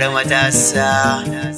matasa.